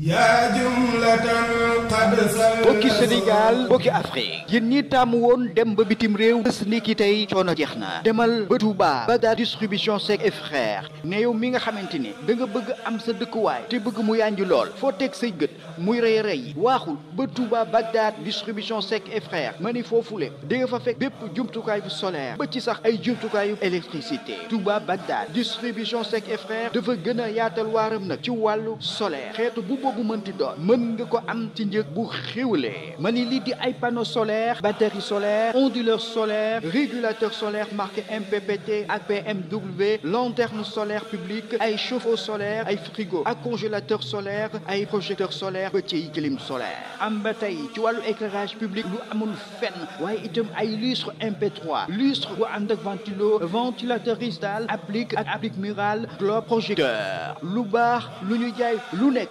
yaa jumlatan qad sal bokki Sénégal bokki Afrique yéen ñi tàmm woon dem ba bitim réew bés ni ki tey coono jeex na demal ba Touba Bagdad distribution Seck et frère ne yow mi nga xamante ni da bëgg am sa dëkkuwaay te bëgg mu yànji lool foo teg say gët muy rey rey waaxul ba Touba Bagdad distribution Seck et ma ni foofu di nga fa fekk bépp jumtukaayu solaire ba ci sax ay jumtukaayu électricité Touba Bagdad distribution Seck dafa gën yaatal waaram nag ci wàllu solaire xeetu boobu mënti ko am ci njëg bu xiwlee ma ni lii di ay panneau solaire batterie solaire onduleur solaire régulateur solaire marqué MPPT ak PMW lanterne solaire publique ay chauffe-eau solaire ay frigo ak congélateur solaire ay projecteur solaire petit clim solaire am ba tey ci wàllu éclairage public lu amul fenn waaye itam ay lustre MP3 lustre bu ànd ventilo ventilateur ristal applique applique murale globe projecteur lu baax lu ñu jaay lu nekk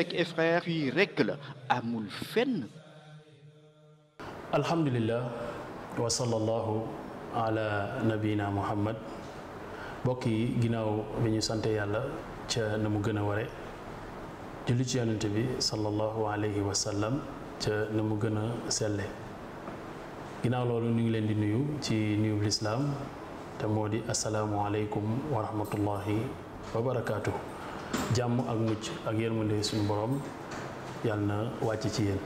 fekk frère yi rekk la amul fenn alhamdulillah wa sallallahu ala muhammad mbokk yi ginnaaw bi ñu sante yàlla ca na mu gën a ware julli ci yonent bi sallallahu alayhi wa sallam ca na mu gën a selle ginnaaw loolu ñu ngi leen di nuyu ci nuyub lislaam te moo di asalaamualeykum wa rahmatullahi wa barakaatu. jàmm ak mucc ak yërmande suñu borom yàlla na wàcc ci yéen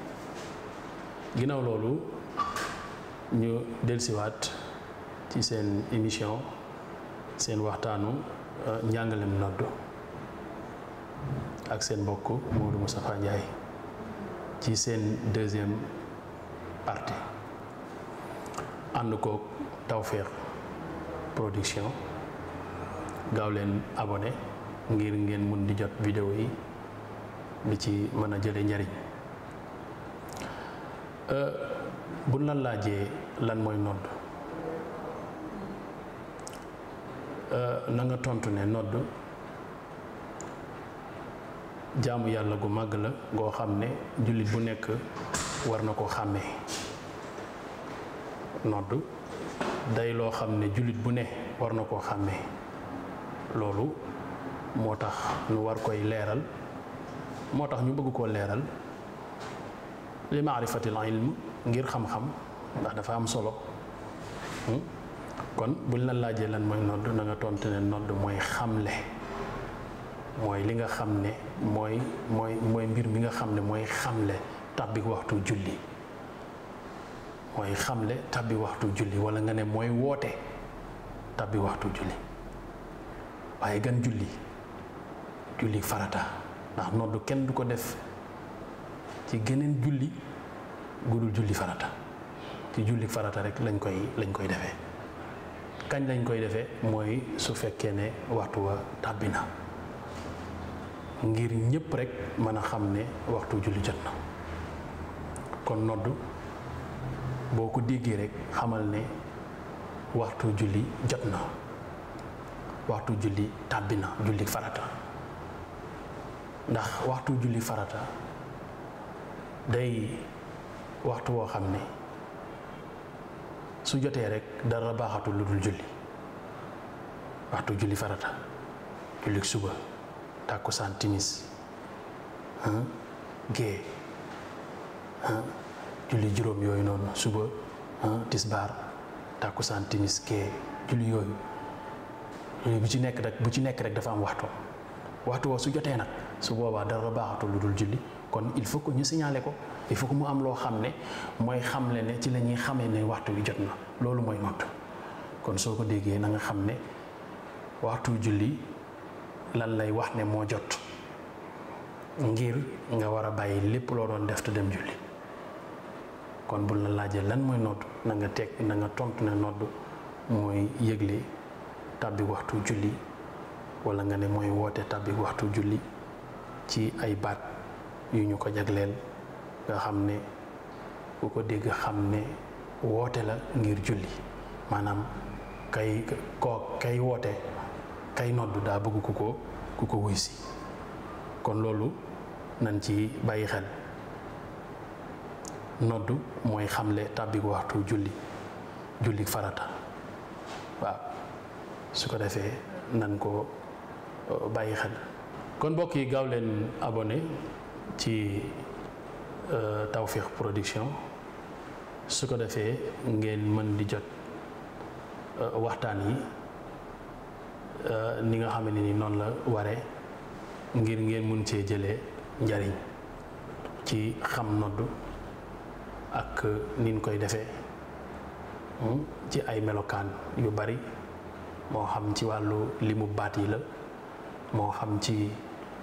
ginnaaw loolu ñu delsiwaat ci seen émission seen waxtaanu euh, njàngalem noddu ak seen mbokk Modou Moustapha Ndiaye ci seen deuxième partie ànd koog Tawfekh Production gaaw leen abonné ngir ngeen mun di jot vidéo yi di ci mën a jële njariñ euh, buñ la laajee lan mooy nodd euh, nanga tontu ne nodd jaamu yàlla gu màgg la goo xam ne jullit bu nekk war na koo xàmmee nodd day loo xam ne jullit bu ne war na koo xàmmee loolu moo tax ñu war koy leeral moo tax ñu bëgg koo leeral li maarifatil ilm ngir xam-xam ndax dafa am solo hmm? kon buñ la laajee lan mooy nodd na nga tontu ne nodd mooy xamle mooy li nga xam ne mooy mooy mooy mbir mi nga xam ne mooy xamle tàbbi waxtu julli mooy xamle tàbbi waxtu julli wala nga ne mooy woote tàbbi waxtu julli waaye gën julli julli farata ndax noddu kenn du ko def ci geneen julli gudul julli farata ci julli farata rek lañ koy lañ koy defe kañ lañ koy defee mooy su fekkee ne waxtu wa tàbbi na ngir ñëpp rek mën a xam ne waxtu julli jot na kon nodd boo ko déggee rek xamal ne waxtu julli jot na waxtu julli tàbbi na julli farata ndax waxtu julli farata day waxtu woo xam ne su jotee rek dara baaxatul lu dul julli waxtu julli farata julli suba tàkkusaan timis gée julli juróom yooyu noonu suba tisbaar tàkkusaan timis gée julli yooyu julli bu ci nekk rek bu ci nekk rek dafa am waxtu waxtu woo su jotee nag su boobaa dara baaxatu lu dul julli kon il faut que ñu siñaale ko il faut que mu am loo xam ne mooy xam ne ci la xamee ne waxtu wi jot na loolu mooy nodd kon soo ko déggee na xam ne waxtu julli lan lay wax ne moo jot ngir nga war a bàyyi lépp loo doon def te dem julli kon bu la laajee lan mooy nodd na nga teg na nga tontu ne nodd mooy yëgle tàbbi waxtu julli wala nga ne mooy woote tàbbi waxtu julli ci ay baat yu ñu ko jagleel nga xam ne bu ko dégg xam ne woote la ngir julli maanaam kay koo kay woote kay noddu daa bëgg ku ko ku ko wuy si kon loolu nañ ci bàyyi xel noddu mooy xamle tàbbiku waxtu julli julli farata waaw su ko defee nan ko uh, bàyyi xel kon mbokk yi gaaw leen abonné ci euh, Tawfekh Production su ko defee ngeen mën di jot euh, waxtaan yi euh, ni nga xam ni noonu la ware ngir ngeen mun cee jëlee njariñ ci xam noddu ak niñ koy defee hmm, ci ay melokaan yu bari moo xam ci wàllu limu baat yi la moo xam ci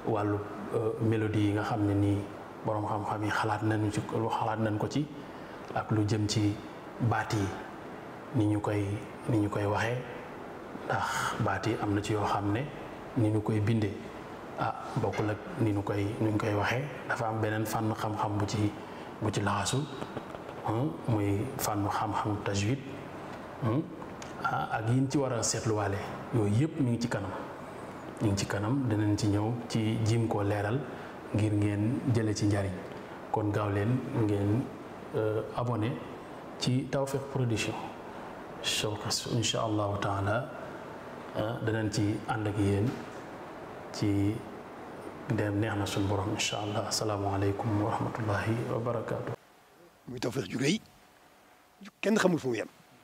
wàllu euh, mélodie yi nga xam ne nii boroom xam-xam yi xalaat nañu ci xalaat nañ ko ci ak lu jëm ci baat yi ni ñu koy ni ñu koy waxee ndax baat yi am na ci yoo xam ne ni ñu koy bindee ah bokk ak ni ñu koy ni ñu koy waxee dafa am beneen fànn xam-xam bu ci bu ci laxasu hmm, muy fànn xam-xam tajwid hmm, ah ak yin ci war a seetluwaale yooyu yëpp mi ngi ci kanam ñu ngi ci kanam danañ ci ñëw ci jiim koo leeral ngir ngeen jële ci njariñ kon gaaw leen ngeen euh, abonné ci Tawfekh Production showkas insha allahu taala euh, danañ ci ànd ak yéen ci dem neex na suñu borom insha allah asalaamaaleykum wa rahmatullahi wa barakaatu. muy Tawfekh ju kenn xamul fu mu